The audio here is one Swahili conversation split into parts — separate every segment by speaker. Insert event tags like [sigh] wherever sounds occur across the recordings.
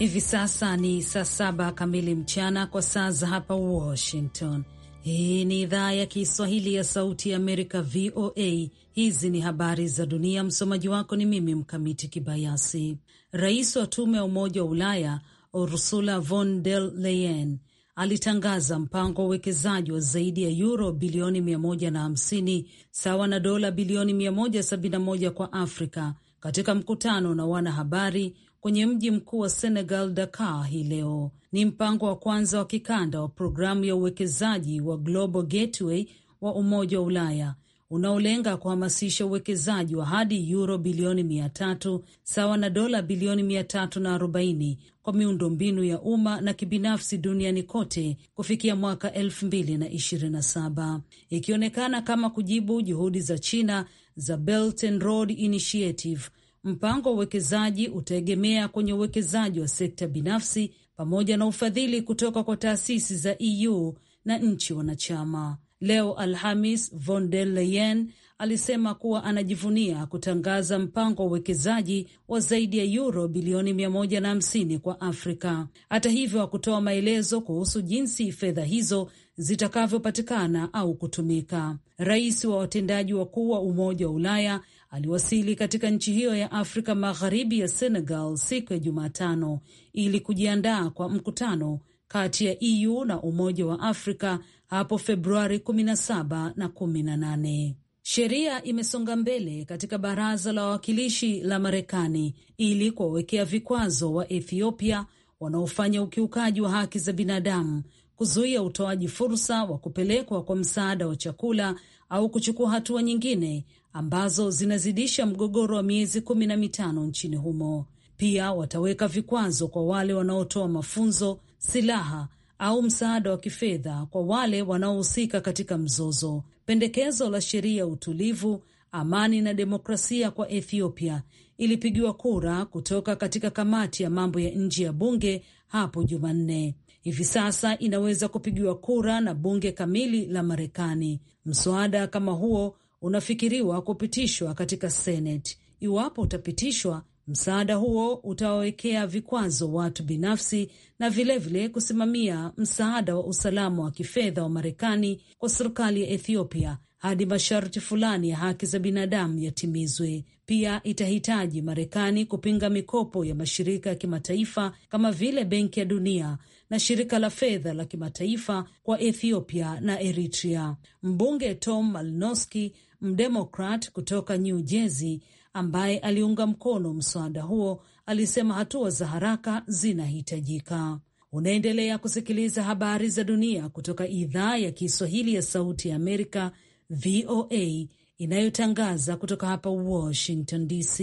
Speaker 1: Hivi sasa ni saa saba kamili mchana kwa saa za hapa Washington. Hii ni idhaa ya Kiswahili ya Sauti ya Amerika, VOA. Hizi ni habari za dunia. Msomaji wako ni mimi Mkamiti Kibayasi. Rais wa Tume ya Umoja wa Ulaya Ursula von der Leyen alitangaza mpango wa uwekezaji wa zaidi ya yuro bilioni 150 sawa na dola bilioni 171 kwa Afrika katika mkutano na wanahabari kwenye mji mkuu wa Senegal, Dakar, hii leo. Ni mpango wa kwanza wa kikanda wa programu ya uwekezaji wa Global Gateway wa Umoja wa Ulaya unaolenga kuhamasisha uwekezaji wa hadi yuro bilioni mia tatu sawa na dola bilioni mia tatu na arobaini kwa miundo mbinu ya umma na kibinafsi duniani kote kufikia mwaka elfu mbili na ishirini na saba ikionekana kama kujibu juhudi za China za Belt and Road Initiative Mpango wa uwekezaji utaegemea kwenye uwekezaji wa sekta binafsi pamoja na ufadhili kutoka kwa taasisi za EU na nchi wanachama. Leo Alhamis, von der Leyen alisema kuwa anajivunia kutangaza mpango wa uwekezaji wa zaidi ya yuro bilioni 150 kwa Afrika. Hata hivyo, hakutoa maelezo kuhusu jinsi fedha hizo zitakavyopatikana au kutumika. Rais wa watendaji wakuu wa Umoja wa Ulaya aliwasili katika nchi hiyo ya Afrika Magharibi ya Senegal siku ya Jumatano ili kujiandaa kwa mkutano kati ya EU na Umoja wa Afrika hapo Februari 17 na 18. Sheria imesonga mbele katika Baraza la Wawakilishi la Marekani ili kuwawekea vikwazo wa Ethiopia wanaofanya ukiukaji wa haki za binadamu, kuzuia utoaji fursa wa kupelekwa kwa msaada wa chakula au kuchukua hatua nyingine ambazo zinazidisha mgogoro wa miezi kumi na mitano nchini humo. Pia wataweka vikwazo kwa wale wanaotoa mafunzo, silaha au msaada wa kifedha kwa wale wanaohusika katika mzozo. Pendekezo la sheria ya utulivu, amani na demokrasia kwa Ethiopia ilipigiwa kura kutoka katika kamati ya mambo ya nje ya bunge hapo Jumanne. Hivi sasa inaweza kupigiwa kura na bunge kamili la Marekani. Mswada kama huo unafikiriwa kupitishwa katika Seneti. Iwapo utapitishwa, msaada huo utawawekea vikwazo watu binafsi na vilevile vile kusimamia msaada wa usalama wa kifedha wa Marekani kwa serikali ya Ethiopia hadi masharti fulani ya haki za binadamu yatimizwe. Pia itahitaji Marekani kupinga mikopo ya mashirika ya kimataifa kama vile Benki ya Dunia na Shirika la Fedha la Kimataifa kwa Ethiopia na Eritrea. Mbunge Tom Malnoski Mdemokrat kutoka New Jersey ambaye aliunga mkono mswada huo alisema hatua za haraka zinahitajika. Unaendelea kusikiliza habari za dunia kutoka idhaa ya Kiswahili ya Sauti ya Amerika, VOA, inayotangaza kutoka hapa Washington DC.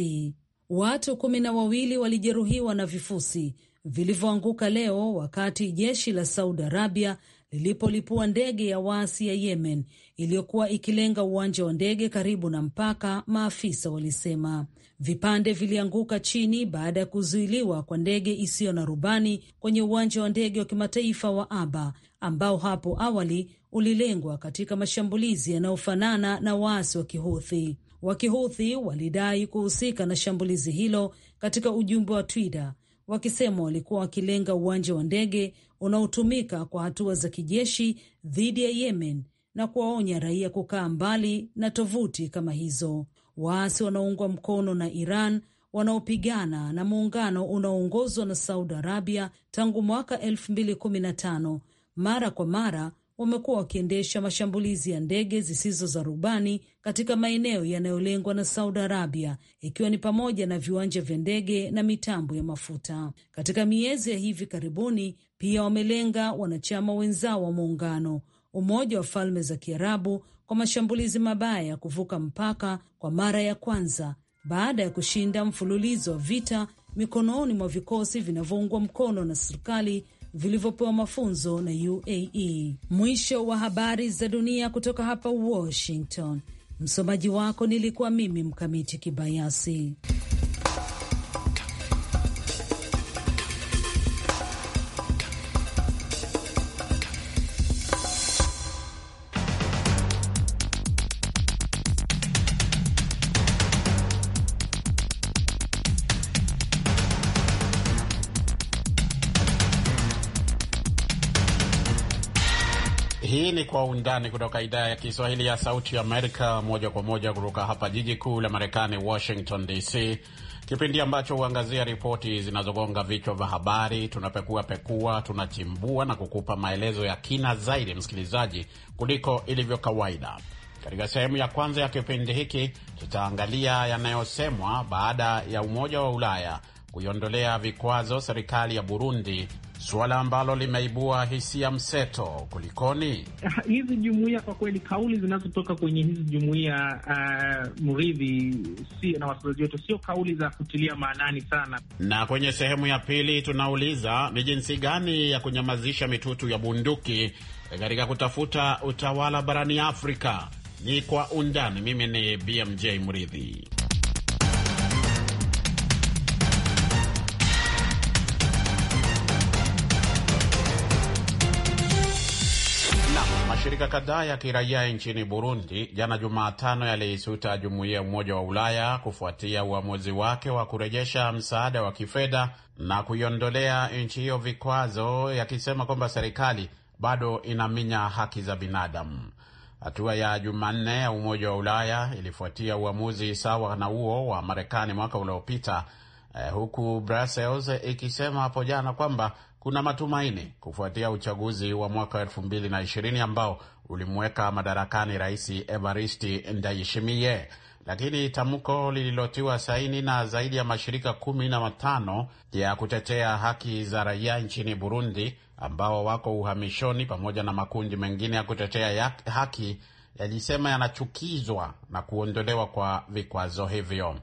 Speaker 1: Watu kumi na wawili walijeruhiwa na vifusi vilivyoanguka leo wakati jeshi la Saudi Arabia lilipolipua ndege ya waasi ya Yemen iliyokuwa ikilenga uwanja wa ndege karibu na mpaka, maafisa walisema. Vipande vilianguka chini baada ya kuzuiliwa kwa ndege isiyo na rubani kwenye uwanja wa ndege wa kimataifa wa Aba ambao hapo awali ulilengwa katika mashambulizi yanayofanana na waasi wa Kihuthi. Wakihuthi walidai kuhusika na shambulizi hilo katika ujumbe wa Twitter wakisema walikuwa wakilenga uwanja wa ndege unaotumika kwa hatua za kijeshi dhidi ya Yemen na kuwaonya raia kukaa mbali na tovuti kama hizo. Waasi wanaoungwa mkono na Iran wanaopigana na muungano unaoongozwa na Saudi Arabia tangu mwaka 2015 mara kwa mara wamekuwa wakiendesha mashambulizi ya ndege zisizo za rubani katika maeneo yanayolengwa na Saudi Arabia, ikiwa ni pamoja na viwanja vya ndege na mitambo ya mafuta. Katika miezi ya hivi karibuni, pia wamelenga wanachama wenzao wa muungano, Umoja wa Falme za Kiarabu, kwa mashambulizi mabaya ya kuvuka mpaka kwa mara ya kwanza baada ya kushinda mfululizo wa vita mikononi mwa vikosi vinavyoungwa mkono na serikali vilivyopewa mafunzo na UAE. Mwisho wa habari za dunia kutoka hapa Washington. Msomaji wako nilikuwa mimi Mkamiti Kibayasi.
Speaker 2: kwa undani kutoka idhaa ya Kiswahili ya Sauti ya Amerika, moja kwa moja kutoka hapa jiji kuu la Marekani, Washington DC, kipindi ambacho huangazia ripoti zinazogonga vichwa vya habari. Tunapekua pekua, tunachimbua na kukupa maelezo ya kina zaidi, msikilizaji, kuliko ilivyo kawaida. Katika sehemu ya kwanza ya kipindi hiki tutaangalia yanayosemwa baada ya Umoja wa Ulaya kuiondolea vikwazo serikali ya Burundi suala ambalo limeibua hisia mseto. Kulikoni
Speaker 3: [laughs] hizi jumuia? Kwa kweli kauli zinazotoka kwenye hizi jumuia uh, mridhi si na wasikilizaji wetu, sio kauli za kutilia maanani sana.
Speaker 2: Na kwenye sehemu ya pili tunauliza ni jinsi gani ya kunyamazisha mitutu ya bunduki katika kutafuta utawala barani Afrika. Ni kwa undani. Mimi ni BMJ Mridhi. Mashirika kadhaa ya kiraia nchini Burundi jana Jumatano yaliisuta jumuiya ya Umoja wa Ulaya kufuatia uamuzi wake wa kurejesha msaada wa kifedha na kuiondolea nchi hiyo vikwazo, yakisema kwamba serikali bado inaminya haki za binadamu. Hatua ya Jumanne ya Umoja wa Ulaya ilifuatia uamuzi sawa na huo wa Marekani mwaka uliopita eh, huku Brussels ikisema hapo jana kwamba kuna matumaini kufuatia uchaguzi wa mwaka elfu mbili na ishirini ambao ulimweka madarakani Rais Evaristi Ndayishimiye, lakini tamko lililotiwa saini na zaidi ya mashirika kumi na matano ya kutetea haki za raia nchini Burundi ambao wako uhamishoni pamoja na makundi mengine ya kutetea ya haki yalisema yanachukizwa na kuondolewa kwa vikwazo hivyo.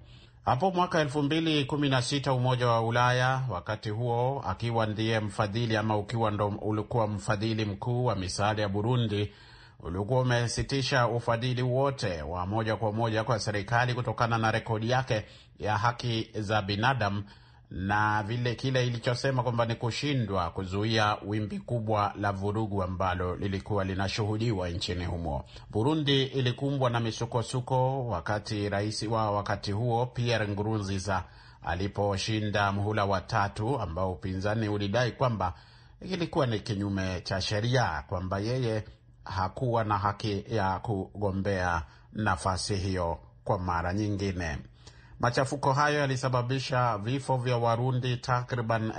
Speaker 2: Hapo mwaka 2016 Umoja wa Ulaya wakati huo akiwa ndiye mfadhili ama ukiwa ndo ulikuwa mfadhili mkuu wa misaada ya Burundi ulikuwa umesitisha ufadhili wote wa moja kwa moja kwa serikali kutokana na rekodi yake ya haki za binadamu na vile kile ilichosema kwamba ni kushindwa kuzuia wimbi kubwa la vurugu ambalo lilikuwa linashuhudiwa nchini humo. Burundi ilikumbwa na misukosuko wakati rais wa wakati huo Pierre Nkurunziza aliposhinda mhula wa tatu ambao upinzani ulidai kwamba ilikuwa ni kinyume cha sheria, kwamba yeye hakuwa na haki ya kugombea nafasi hiyo kwa mara nyingine. Machafuko hayo yalisababisha vifo vya Warundi takriban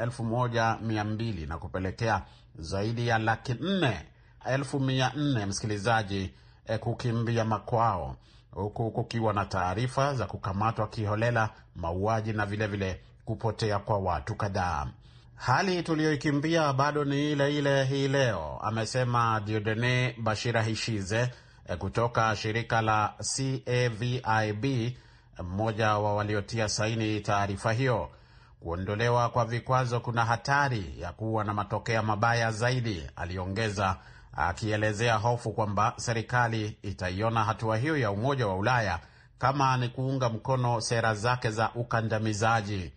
Speaker 2: mbili na kupelekea zaidi ya laki nne elfu mia nne msikilizaji, e, kukimbia makwao, huku kukiwa na taarifa za kukamatwa kiholela, mauaji na vilevile vile kupotea kwa watu kadhaa. Hali tuliyoikimbia bado ni ile ile hii leo, amesema Diodene Bashira Hishize eh, kutoka shirika la CAVIB mmoja wa waliotia saini taarifa hiyo. Kuondolewa kwa vikwazo kuna hatari ya kuwa na matokeo mabaya zaidi, aliongeza, akielezea hofu kwamba serikali itaiona hatua hiyo ya Umoja wa Ulaya kama ni kuunga mkono sera zake za ukandamizaji.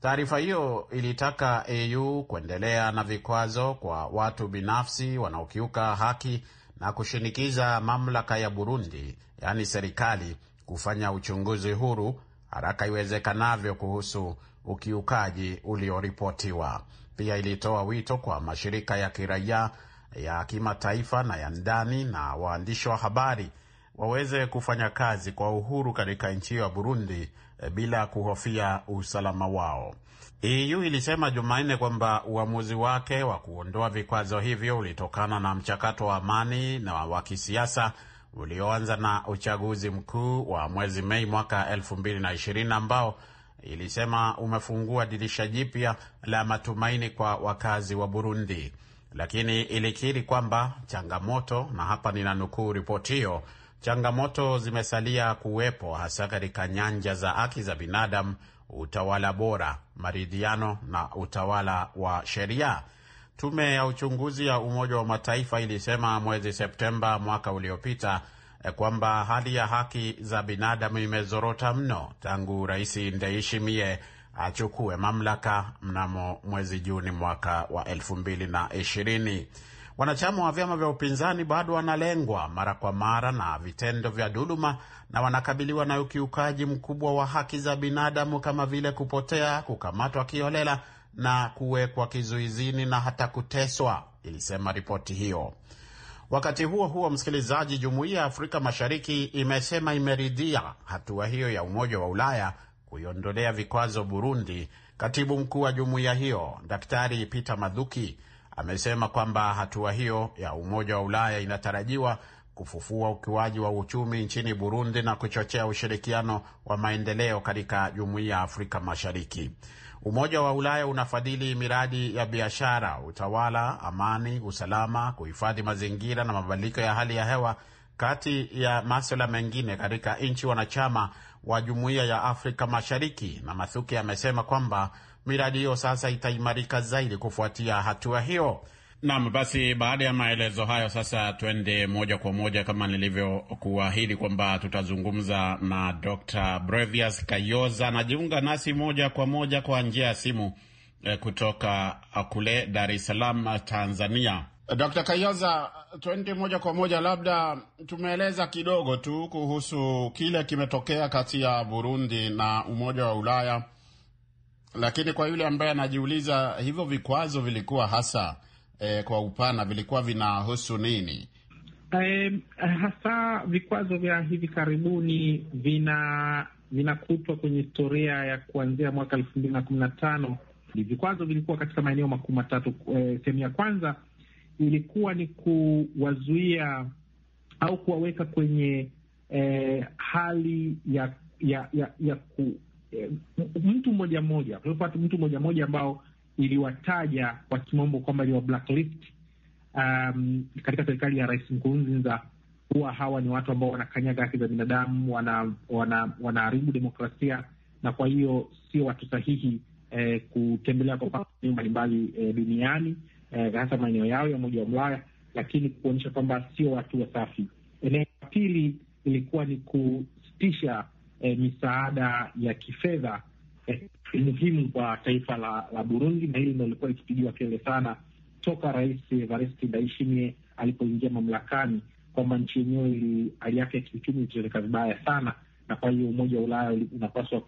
Speaker 2: Taarifa hiyo ilitaka EU kuendelea na vikwazo kwa watu binafsi wanaokiuka haki na kushinikiza mamlaka ya Burundi, yaani serikali kufanya uchunguzi huru haraka iwezekanavyo kuhusu ukiukaji ulioripotiwa. Pia ilitoa wito kwa mashirika ya kiraia ya kimataifa na ya ndani na waandishi wa habari waweze kufanya kazi kwa uhuru katika nchi hiyo ya Burundi eh, bila kuhofia usalama wao. EU ilisema Jumanne kwamba uamuzi wake wa kuondoa vikwazo hivyo ulitokana na mchakato wa amani na wa kisiasa ulioanza na uchaguzi mkuu wa mwezi Mei mwaka 2020 ambao ilisema umefungua dirisha jipya la matumaini kwa wakazi wa Burundi, lakini ilikiri kwamba changamoto, na hapa ninanukuu ripoti hiyo, changamoto zimesalia kuwepo hasa katika nyanja za haki za binadamu, utawala bora, maridhiano na utawala wa sheria Tume ya uchunguzi ya Umoja wa Mataifa ilisema mwezi Septemba mwaka uliopita eh, kwamba hali ya haki za binadamu imezorota mno tangu Rais Ndayishimiye achukue mamlaka mnamo mwezi Juni mwaka wa elfu mbili na ishirini. Wanachama wa vyama vya upinzani bado wanalengwa mara kwa mara na vitendo vya dhuluma na wanakabiliwa na ukiukaji mkubwa wa haki za binadamu kama vile kupotea, kukamatwa kiholela na kuwekwa kizuizini na hata kuteswa, ilisema ripoti hiyo. Wakati huo huo, msikilizaji, jumuiya ya Afrika Mashariki imesema imeridhia hatua hiyo ya Umoja wa Ulaya kuiondolea vikwazo Burundi. Katibu mkuu wa jumuiya hiyo Daktari Peter madhuki amesema kwamba hatua hiyo ya Umoja wa Ulaya inatarajiwa kufufua ukiwaji wa uchumi nchini Burundi na kuchochea ushirikiano wa maendeleo katika jumuiya ya Afrika Mashariki. Umoja wa Ulaya unafadhili miradi ya biashara, utawala, amani, usalama, kuhifadhi mazingira na mabadiliko ya hali ya hewa, kati ya maswala mengine katika nchi wanachama wa Jumuiya ya Afrika Mashariki. Na Mathuki amesema kwamba miradi hiyo sasa itaimarika zaidi kufuatia hatua hiyo. Naam, basi baada ya maelezo hayo sasa tuende moja kwa moja kama nilivyokuahidi kwamba tutazungumza na Dr. Brevius Kayoza. Anajiunga nasi moja kwa moja kwa njia ya simu eh, kutoka ah, kule Dar es Salaam, Tanzania. Dr. Kayoza, twende moja kwa moja, labda tumeeleza kidogo tu kuhusu kile kimetokea kati ya Burundi na Umoja wa Ulaya, lakini kwa yule ambaye anajiuliza hivyo vikwazo vilikuwa hasa eh, kwa upana vilikuwa vinahusu nini?
Speaker 3: Um, hasa vikwazo vya hivi karibuni vina vinakutwa kwenye historia ya kuanzia mwaka elfu mbili na kumi na tano. Vikwazo vilikuwa katika maeneo makuu matatu. Eh, sehemu ya kwanza ilikuwa ni kuwazuia au kuwaweka kwenye eh, hali ya ya ya, ya ku, eh, mtu mmoja mmoja mtu mmoja mmoja ambao iliwataja kwa kimombo kwamba ni wa blacklist um, katika serikali ya Rais Nkurunziza kuwa hawa ni watu ambao wanakanyaga haki za binadamu, wanaharibu wana, wana demokrasia na kwa hiyo sio watu sahihi eh, kutembelea kwa maeneo mbalimbali eh, duniani eh, hasa maeneo yao ya Umoja wa Ulaya, lakini kuonyesha kwamba sio watu wasafi. Eneo la pili ilikuwa ni kusitisha eh, misaada ya kifedha eh, muhimu kwa taifa la, la Burundi, na hili ndo ilikuwa likipigiwa kele sana toka Rais Evariste Ndayishimiye alipoingia mamlakani kwamba nchi yenyewe hali yake ya kiuchumi ilitoweka vibaya sana, na kwa hiyo Umoja wa Ulaya unapaswa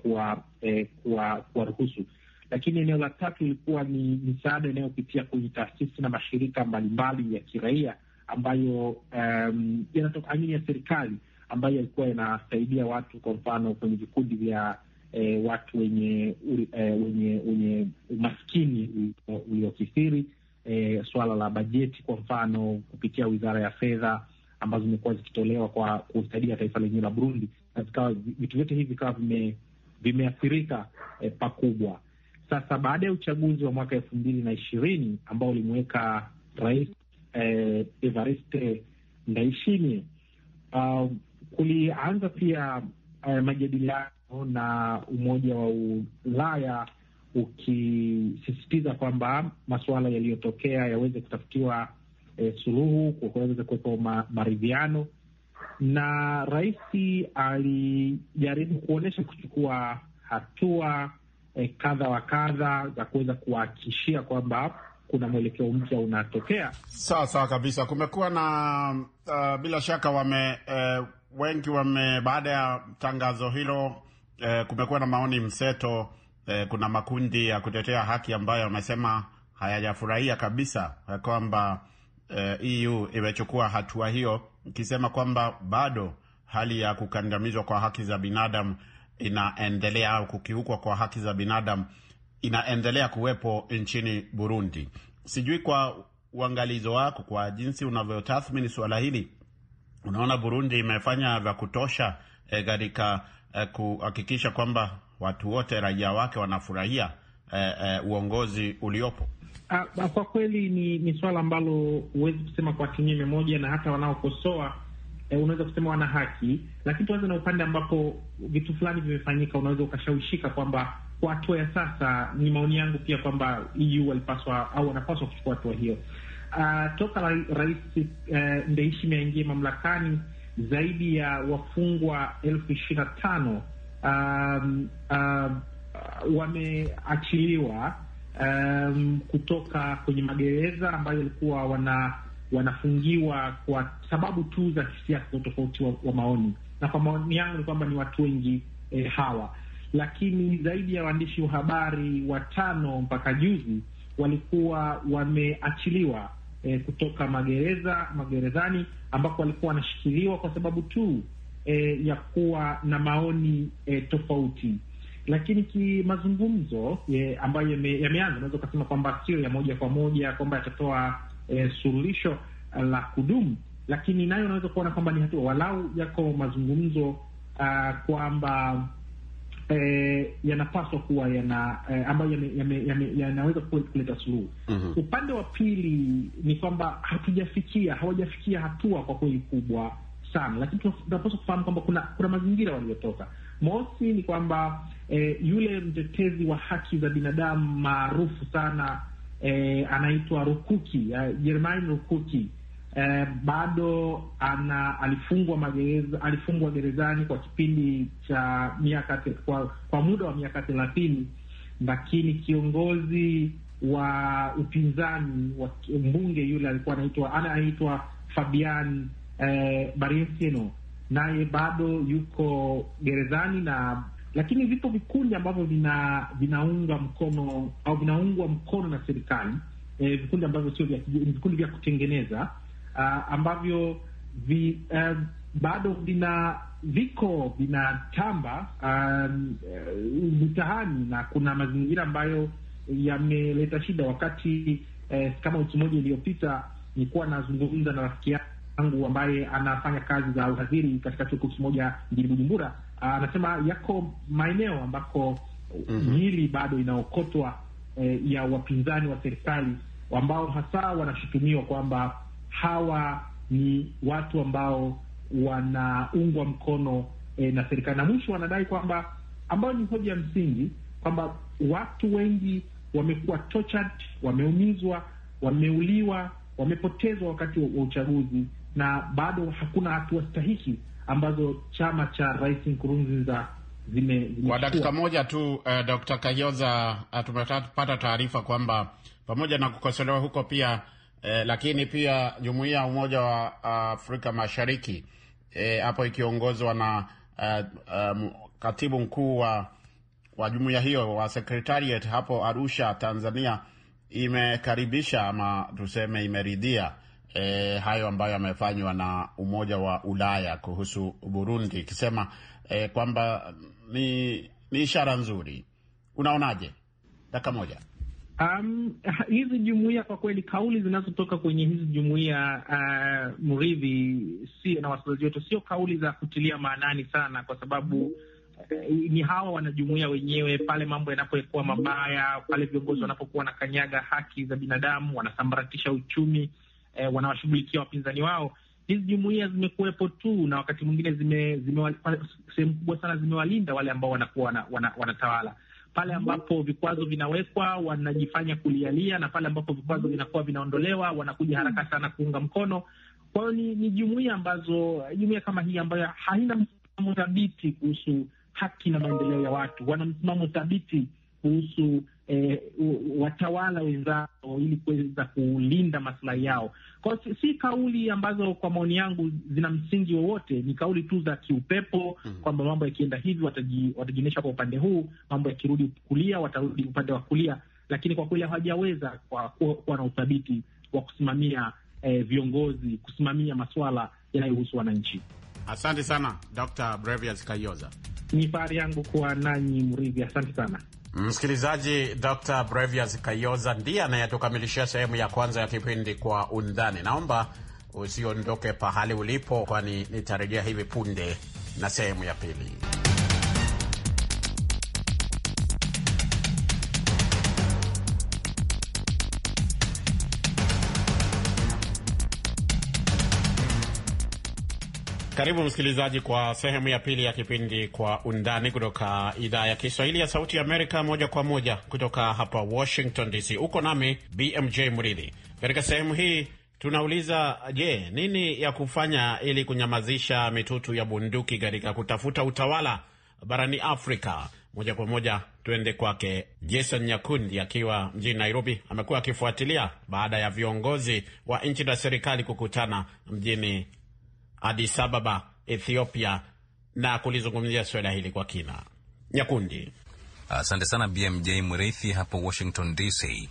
Speaker 3: kuwaruhusu eh, lakini eneo la tatu ilikuwa ni misaada inayopitia kwenye taasisi na mashirika mbalimbali ya kiraia ambayo um, yanatoka ya serikali ambayo yalikuwa yanasaidia watu, kwa mfano kwenye vikundi vya e, watu wenye e, wenye wenye umaskini uliokithiri, e, swala la bajeti kwa mfano kupitia wizara ya fedha ambazo zimekuwa zikitolewa kwa kusaidia taifa lenyewe la Burundi, na vikawa vitu vyote hivi vikawa vime, vimeathirika e, pakubwa. Sasa baada ya uchaguzi wa mwaka elfu mbili na ishirini ambao ulimweka rais e, Evariste Ndayishimiye, uh, kulianza pia uh, majadiliano na Umoja wa Ulaya ukisisitiza kwamba masuala yaliyotokea yaweze kutafutiwa e, suluhu kuweza kuwepo ma, maridhiano, na rais alijaribu kuonyesha kuchukua hatua e, kadha wa kadha za kuweza kuwahakikishia kwamba kuna mwelekeo
Speaker 2: mpya unatokea. Sawa sawa kabisa. Kumekuwa na uh, bila shaka wame uh, wengi wame baada ya tangazo hilo eh, kumekuwa na maoni mseto eh, kuna makundi ya kutetea haki ambayo yamesema hayajafurahia kabisa eh, kwamba eh, EU imechukua hatua hiyo ikisema kwamba bado hali ya kukandamizwa kwa haki za binadamu inaendelea au kukiukwa kwa haki za binadamu inaendelea kuwepo nchini Burundi. Sijui kwa uangalizo wako, kwa jinsi unavyotathmini suala hili, unaona Burundi imefanya vya kutosha eh, katika eh, kuhakikisha kwamba watu wote raia wake wanafurahia eh, eh, uongozi uliopo?
Speaker 3: A, ah, ah, kwa kweli ni, ni swala ambalo huwezi kusema kwa kinyume moja, na hata wanaokosoa eh, unaweza kusema wana haki, lakini tuanze na upande ambapo vitu fulani vimefanyika, unaweza ukashawishika kwamba kwa hatua ya sasa, ni maoni yangu pia kwamba EU walipaswa au wanapaswa kuchukua hatua hiyo. Uh, toka Rais uh, Ndayishimiye aingie mamlakani zaidi ya wafungwa elfu ishirini na tano um, um, wameachiliwa um, kutoka kwenye magereza ambayo walikuwa wana, wanafungiwa kwa sababu tu za kisiasa za utofauti wa, wa maoni, na kwa maoni yangu ni kwamba ni watu wengi eh, hawa, lakini zaidi ya waandishi wa habari watano mpaka juzi walikuwa wameachiliwa e, kutoka magereza magerezani ambako walikuwa wanashikiliwa kwa sababu tu e, ya kuwa na maoni e, tofauti. Lakini kimazungumzo e, ambayo yameanza, unaweza ukasema kwamba sio ya moja kwa moja kwamba yatatoa e, suluhisho la kudumu, lakini nayo unaweza kuona kwamba ni hatua, walau yako mazungumzo ah, kwamba eh, yanapaswa kuwa yana eh, ambayo yanaweza yana, yana kuleta suluhu mm -hmm. Upande wa pili ni kwamba hatujafikia, hawajafikia hatua kwa kweli kubwa sana, lakini tunapaswa kufahamu kwamba kuna, kuna mazingira waliotoka. Mosi ni kwamba eh, yule mtetezi wa haki za binadamu maarufu sana eh, anaitwa Rukuki eh, Rukuki, Rukuki eh, bado ana alifungwa magereza, alifungwa gerezani kwa kipindi cha miaka kwa, kwa muda wa miaka thelathini, lakini kiongozi wa upinzani wa mbunge yule alikuwa anaitwa anaitwa Fabian eh, Barensino naye bado yuko gerezani na lakini vipo vikundi ambavyo vina vinaunga mkono au vinaungwa mkono na serikali eh, vikundi ambavyo sio vya vikundi vya kutengeneza uh, ambavyo vi, uh, bado vina viko vinatamba ah, eh, mitahani uh, na kuna mazingira ambayo yameleta shida. Wakati eh, kama wiki moja iliyopita nilikuwa nazungumza na rafiki yangu ambaye anafanya kazi za uhadhiri katika chuo kimoja mjini Bujumbura. Ah, anasema uh, yako maeneo ambako mhm. miili mm -hmm. bado inaokotwa eh, ya wapinzani wa serikali ambao hasa wanashutumiwa kwamba hawa ni watu ambao wanaungwa mkono e, na serikali. Na mwisho wanadai kwamba, ambayo ni hoja ya msingi, kwamba watu wengi wamekuwa tortured, wameumizwa, wameuliwa, wamepotezwa wakati wa uchaguzi, na bado hakuna hatua stahiki ambazo chama cha Rais Nkurunziza zime kwa dakika
Speaker 2: moja tu. Uh, Dr. Kayoza, eh, tumepata taarifa kwamba pamoja na kukosolewa huko pia eh, lakini pia jumuiya ya Umoja wa uh, Afrika Mashariki eh, hapo eh, ikiongozwa na eh, um, katibu mkuu wa, wa jumuiya hiyo wa Secretariat hapo Arusha, Tanzania imekaribisha ama tuseme imeridhia E, hayo ambayo yamefanywa na Umoja wa Ulaya kuhusu Burundi ikisema e, kwamba ni, ni ishara nzuri. Unaonaje? Dakika moja.
Speaker 3: Um, hizi jumuia kwa kweli, kauli zinazotoka kwenye hizi jumuia uh, mridhi si na wasikilizaji wetu, sio kauli za kutilia maanani sana, kwa sababu uh, ni hawa wanajumuia wenyewe, pale mambo yanapokuwa mabaya, pale viongozi wanapokuwa wanakanyaga haki za binadamu, wanasambaratisha uchumi, eh, wanawashughulikia wapinzani wao. Hizi jumuia zimekuwepo tu na wakati mwingine zime, zime, sehemu kubwa sana zimewalinda wale ambao wanakuwa wanatawala wana, wana pale mhm. ambapo vikwazo vinawekwa wanajifanya kulialia, na pale ambapo vikwazo vinakuwa vinaondolewa wanakuja mhm. haraka sana kuunga mkono. Kwa hiyo ni, ni jumuia ambazo jumuia kama hii ambayo haina msimamo thabiti kuhusu haki na maendeleo ya watu, wana msimamo thabiti kuhusu eh, watawala wenzao ili kuweza kulinda maslahi yao. Kwa si kauli ambazo kwa maoni yangu zina msingi wowote, ni kauli tu za kiupepo mm -hmm. kwamba mambo yakienda hivi watajionyesha kwa upande huu, mambo yakirudi kulia watarudi upande wa kulia, lakini kwa kweli hawajaweza kuwa na uthabiti wa kusimamia eh, viongozi kusimamia masuala yanayohusu wananchi.
Speaker 2: Asante sana Dr. Brevias Kayoza.
Speaker 3: Ni fahari yangu kuwa nanyi Mridhi, asante sana.
Speaker 2: Msikilizaji, Dr Brevias Kayoza ndiye anayetukamilishia sehemu ya kwanza ya kipindi Kwa Undani. Naomba usiondoke pahali ulipo, kwani nitarejea hivi punde na sehemu ya pili. Karibu msikilizaji kwa sehemu ya pili ya kipindi Kwa Undani kutoka idhaa ya Kiswahili ya Sauti ya Amerika, moja kwa moja kutoka hapa Washington DC. Uko nami BMJ Mridhi. Katika sehemu hii tunauliza, je, nini ya kufanya ili kunyamazisha mitutu ya bunduki katika kutafuta utawala barani Afrika? Moja kwa moja tuende kwake Jason Nyakundi akiwa mjini Nairobi. Amekuwa akifuatilia baada ya viongozi wa nchi na serikali kukutana mjini Addis Ababa, Ethiopia, na kulizungumzia suala hili kwa kina.
Speaker 4: Nyakundi. Asante sana BMJ Mreithi hapo Washington DC.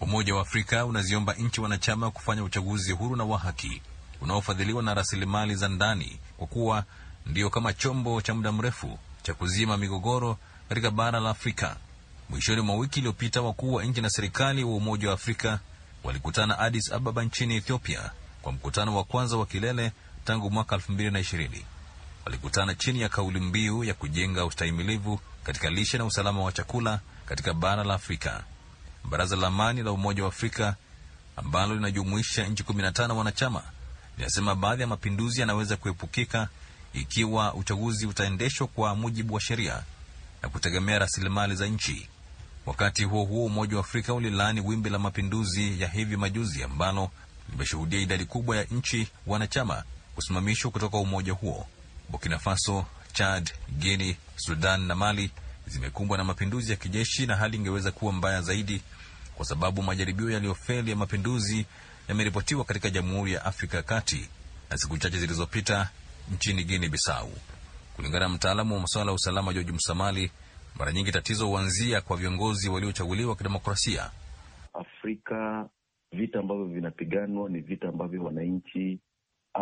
Speaker 4: Umoja wa Afrika unaziomba nchi wanachama kufanya uchaguzi huru na wa haki unaofadhiliwa na rasilimali za ndani, kwa kuwa ndio kama chombo cha muda mrefu cha kuzima migogoro katika bara la Afrika. Mwishoni mwa wiki iliyopita, wakuu wa nchi na serikali wa Umoja wa Afrika walikutana Addis Ababa nchini Ethiopia kwa mkutano wa kwanza wa kilele tangu mwaka 2020 walikutana chini ya kauli mbiu ya kujenga ustahimilivu katika lishe na usalama wa chakula katika bara la Afrika. Baraza la Amani la Umoja wa Afrika ambalo linajumuisha nchi 15 wanachama linasema baadhi ya mapinduzi yanaweza kuepukika ikiwa uchaguzi utaendeshwa kwa mujibu wa sheria na kutegemea rasilimali za nchi. Wakati huo huo, Umoja wa Afrika ulilaani wimbi la mapinduzi ya hivi majuzi ambalo limeshuhudia idadi kubwa ya nchi wanachama kusimamishwa kutoka umoja huo. Burkina Faso, Chad, Guinea, Sudan na Mali zimekumbwa na mapinduzi ya kijeshi na hali ingeweza kuwa mbaya zaidi kwa sababu majaribio yaliyofeli ya mapinduzi yameripotiwa katika Jamhuri ya Afrika ya Kati na siku chache zilizopita nchini Guini Bisau. Kulingana na mtaalamu wa masuala ya usalama George Msamali, mara nyingi tatizo huanzia kwa viongozi waliochaguliwa kidemokrasia.
Speaker 5: Afrika, vita ambavyo vinapiganwa ni vita ambavyo wananchi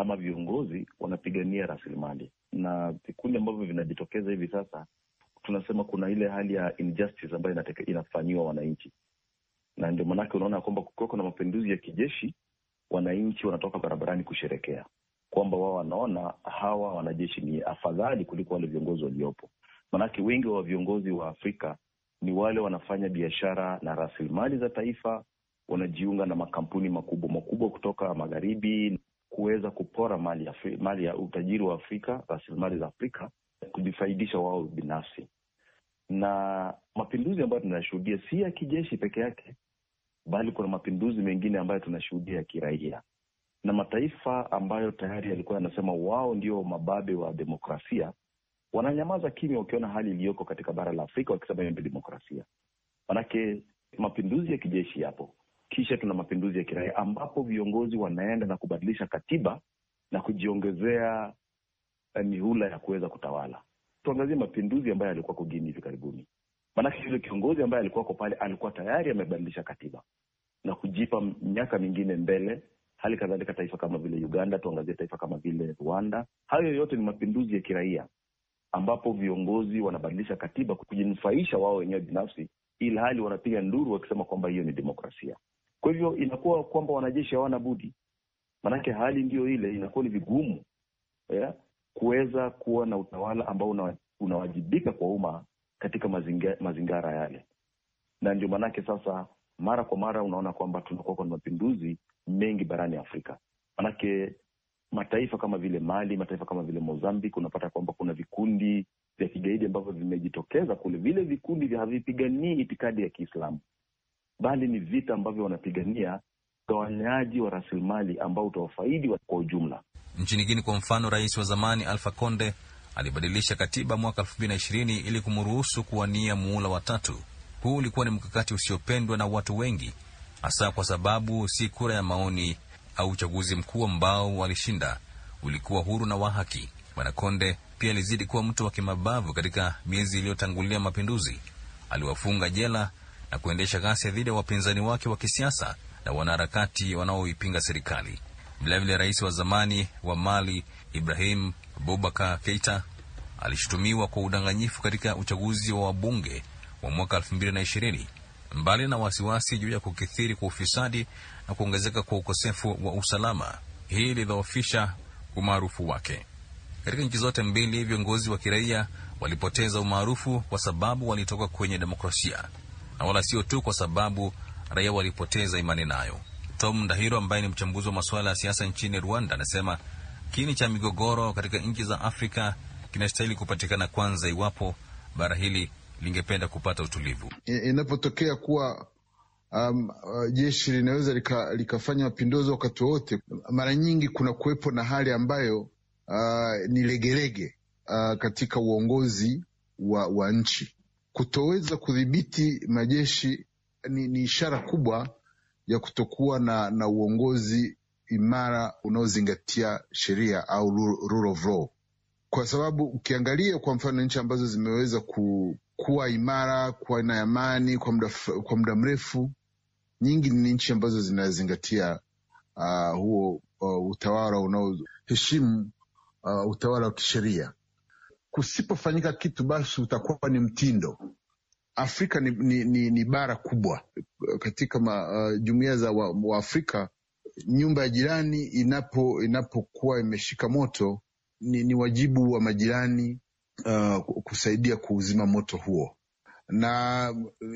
Speaker 5: ama viongozi wanapigania rasilimali, na vikundi ambavyo vinajitokeza hivi sasa, tunasema kuna ile hali ya injustice ambayo inafanyiwa wananchi, na ndio maanake unaona kwamba kukiwako na mapinduzi ya kijeshi, wananchi wanatoka barabarani kusherekea kwamba wao wanaona hawa wanajeshi ni afadhali kuliko wale viongozi waliopo. Maanake wengi wa viongozi wa Afrika ni wale wanafanya biashara na rasilimali za taifa, wanajiunga na makampuni makubwa makubwa kutoka magharibi kuweza kupora mali ya, mali ya utajiri wa Afrika, rasilimali za Afrika, kujifaidisha wao binafsi. Na mapinduzi ambayo tunashuhudia si ya kijeshi peke yake, bali kuna mapinduzi mengine ambayo tunashuhudia ya kiraia, na mataifa ambayo tayari yalikuwa yanasema wao ndio mababe wa demokrasia wananyamaza kimya, wakiona hali iliyoko katika bara la Afrika, wakisema hiyo ndio demokrasia. Manake mapinduzi ya kijeshi yapo, kisha tuna mapinduzi ya kiraia ambapo viongozi wanaenda na kubadilisha katiba na kujiongezea eh, mihula ya kuweza kutawala. Tuangazie mapinduzi ambayo yalikuwa kugini hivi karibuni, maanake yule kiongozi ambaye alikuwako pale alikuwa tayari amebadilisha katiba na kujipa miaka mingine mbele. Hali kadhalika taifa kama vile Uganda, tuangazie taifa kama vile Rwanda. Hayo yote ni mapinduzi ya kiraia ambapo viongozi wanabadilisha katiba kujinufaisha wao wenyewe binafsi, ili hali wanapiga nduru wakisema kwamba hiyo ni demokrasia. Kwa hivyo inakuwa kwamba wanajeshi hawana budi, maanake hali ndiyo ile, inakuwa ni vigumu yeah, kuweza kuwa na utawala ambao unawajibika kwa umma katika mazinga, mazingara yale, na ndio maanake sasa mara kwa mara unaona kwamba tunakuwa kwa mapinduzi mengi barani Afrika, manake mataifa kama vile Mali, mataifa kama vile Mozambique, unapata kwamba kuna vikundi vya kigaidi ambavyo vimejitokeza kule. Vile vikundi havipiganii itikadi ya Kiislamu, bali ni vita ambavyo wanapigania ugawanyaji wa rasilimali ambao utawafaidi kwa ujumla.
Speaker 4: Nchini Guini kwa mfano, rais wa zamani Alfa Conde alibadilisha katiba mwaka elfu mbili na ishirini ili kumruhusu kuwania muula watatu. Huu ulikuwa ni mkakati usiopendwa na watu wengi, hasa kwa sababu si kura ya maoni au uchaguzi mkuu ambao walishinda ulikuwa huru na wa haki. Bwana Konde pia alizidi kuwa mtu wa kimabavu. Katika miezi iliyotangulia mapinduzi, aliwafunga jela na kuendesha ghasia dhidi ya wapinzani wake wa kisiasa na wanaharakati wanaoipinga serikali. Vilevile, rais wa zamani wa Mali Ibrahim bubaka Keita alishutumiwa kwa udanganyifu katika uchaguzi wa wabunge wa mwaka 2020. Mbali na wasiwasi juu ya kukithiri kwa ufisadi na kuongezeka kwa ukosefu wa usalama, hii ilidhoofisha umaarufu wake. Katika nchi zote mbili, viongozi wa kiraia walipoteza umaarufu kwa sababu walitoka kwenye demokrasia na wala sio tu kwa sababu raia walipoteza imani nayo. Tom Ndahiro ambaye ni mchambuzi wa masuala ya siasa nchini Rwanda anasema kiini cha migogoro katika nchi za Afrika kinastahili kupatikana kwanza iwapo bara hili lingependa kupata utulivu.
Speaker 6: Inapotokea kuwa um, uh, jeshi linaweza lika, likafanya mapinduzi wakati wowote, mara nyingi kuna kuwepo na hali ambayo uh, ni legelege uh, katika uongozi wa, wa nchi kutoweza kudhibiti majeshi ni, ni ishara kubwa ya kutokuwa na, na uongozi imara unaozingatia sheria au rule of law, kwa sababu ukiangalia kwa mfano nchi ambazo zimeweza ku, kuwa imara kuwa na amani kwa muda kwa muda mrefu, nyingi ni nchi ambazo zinazingatia uh, huo uh, utawala unaoheshimu uh, utawala wa kisheria kusipofanyika kitu, basi utakuwa ni mtindo. Afrika ni, ni, ni, ni bara kubwa katika uh, jumuiya za wa, wa Afrika. Nyumba ya jirani inapo inapokuwa imeshika moto ni, ni wajibu wa majirani uh, kusaidia kuuzima moto huo, na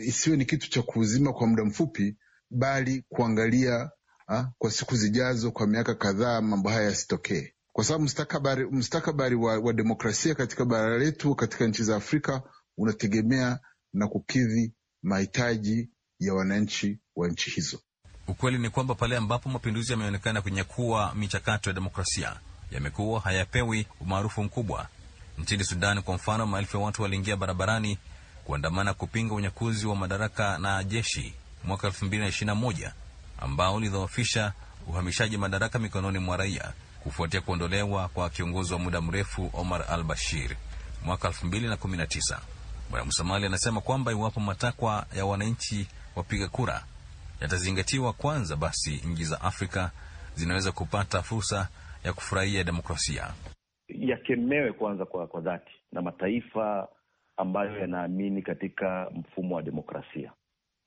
Speaker 6: isiwe ni kitu cha kuuzima kwa muda mfupi, bali kuangalia uh, kwa siku zijazo, kwa miaka kadhaa, mambo haya yasitokee kwa sababu mstakabari mstakabari wa, wa demokrasia katika bara letu katika nchi za Afrika unategemea na kukidhi mahitaji ya wananchi wa nchi hizo.
Speaker 4: Ukweli ni kwamba pale ambapo mapinduzi yameonekana kunyakua michakato ya demokrasia yamekuwa hayapewi umaarufu mkubwa. Nchini Sudan kwa mfano, maelfu ya watu waliingia barabarani kuandamana kupinga unyakuzi wa madaraka na jeshi mwaka moja ambao ulidhoofisha uhamishaji madaraka mikononi mwa raia kufuatia kuondolewa kwa kiongozi wa muda mrefu Omar al Bashir mwaka 2019. Bwana Msamali anasema kwamba iwapo matakwa ya wananchi wapiga kura yatazingatiwa kwanza, basi nchi za Afrika zinaweza kupata fursa ya kufurahia demokrasia.
Speaker 5: Yakemewe kwanza kwa, kwa dhati na mataifa ambayo yanaamini katika mfumo wa demokrasia,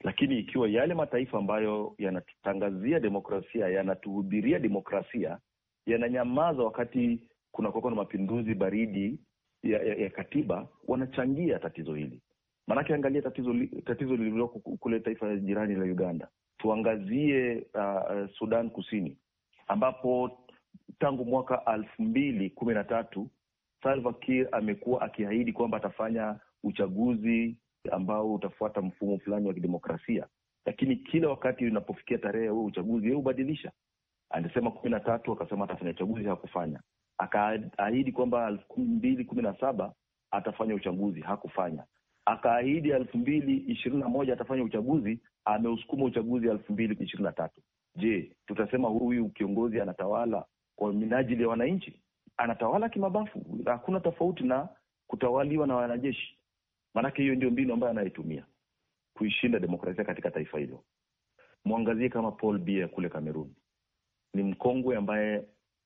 Speaker 5: lakini ikiwa yale mataifa ambayo yanatutangazia demokrasia yanatuhubiria demokrasia yananyamaza wakati kunakuwa na mapinduzi baridi ya, ya, ya katiba, wanachangia tatizo hili. Maanake angalia tatizo, tatizo lililoko kule taifa jirani la Uganda. Tuangazie uh, uh Sudan Kusini ambapo tangu mwaka elfu mbili kumi na tatu Salva Kiir amekuwa akiahidi kwamba atafanya uchaguzi ambao utafuata mfumo fulani wa kidemokrasia, lakini kila wakati unapofikia tarehe ya huo uchaguzi yeye hubadilisha alisema kumi na tatu akasema atafanya uchaguzi, hakufanya. Akaahidi kwamba elfu mbili kumi na saba atafanya uchaguzi, hakufanya. Akaahidi elfu mbili ishirini na moja atafanya uchaguzi, ameusukuma uchaguzi elfu mbili ishirini na tatu. Je, tutasema huyu kiongozi anatawala kwa minajili ya wananchi? Anatawala kimabafu, hakuna tofauti na kutawaliwa na wanajeshi. Maanake hiyo ndio mbinu ambayo anayetumia kuishinda demokrasia katika taifa hilo. Mwangazie kama Paul Biya kule Kamerun, ni mkongwe ambaye,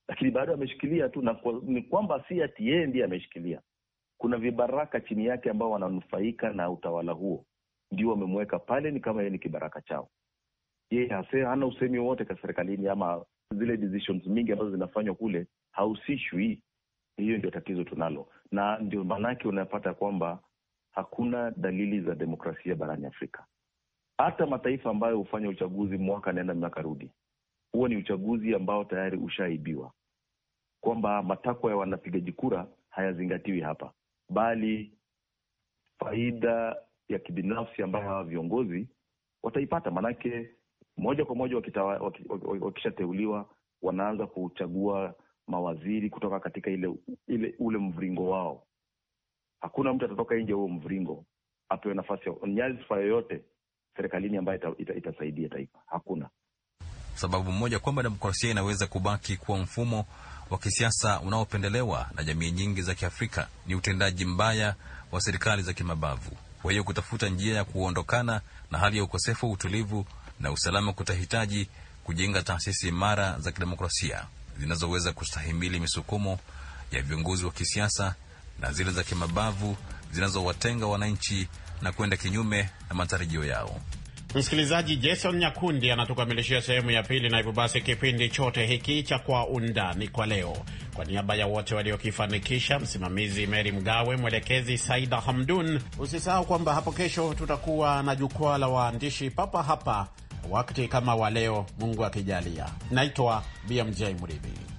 Speaker 5: lakini bado ameshikilia tu, na kwa, ni kwamba si ati yeye ndiye ameshikilia. Kuna vibaraka chini yake ambao wananufaika na utawala huo, ndio wamemweka pale, ni kama yeye ni kibaraka chao. Yeye hana usemi wowote ka serikalini ama zile decisions mingi ambazo zinafanywa kule hahusishwi. Hiyo ndio tatizo tunalo, na ndio maanake unapata kwamba hakuna dalili za demokrasia barani Afrika. Hata mataifa ambayo hufanya uchaguzi mwaka naenda miaka rudi, huo ni uchaguzi ambao tayari ushaibiwa, kwamba matakwa ya wanapigaji kura hayazingatiwi hapa, bali faida ya kibinafsi ambayo hawa viongozi wataipata, maanake moja kwa moja wakishateuliwa, wanaanza kuchagua mawaziri kutoka katika ile, ile ule mviringo wao. Hakuna mtu atatoka nje huo mviringo apewe nafasi nyadhifa yoyote serikalini ambayo itasaidia ita, ita taifa. Hakuna sababu
Speaker 4: moja kwamba demokrasia inaweza kubaki kuwa mfumo wa kisiasa unaopendelewa na jamii nyingi za Kiafrika ni utendaji mbaya wa serikali za kimabavu. Kwa hiyo kutafuta njia ya kuondokana na hali ya ukosefu wa utulivu na usalama kutahitaji kujenga taasisi imara za kidemokrasia zinazoweza kustahimili misukumo ya viongozi wa kisiasa na zile za kimabavu zinazowatenga wananchi na kwenda kinyume na matarajio yao.
Speaker 2: Msikilizaji, Jason Nyakundi anatukamilishia sehemu ya pili, na hivyo basi kipindi chote hiki cha Kwa Undani kwa leo, kwa niaba ya wote waliokifanikisha, msimamizi Meri Mgawe, mwelekezi Saida Hamdun. Usisahau kwamba hapo kesho tutakuwa na jukwaa la waandishi papa hapa wakati kama wa leo, Mungu akijalia. Naitwa BMJ Mridhi.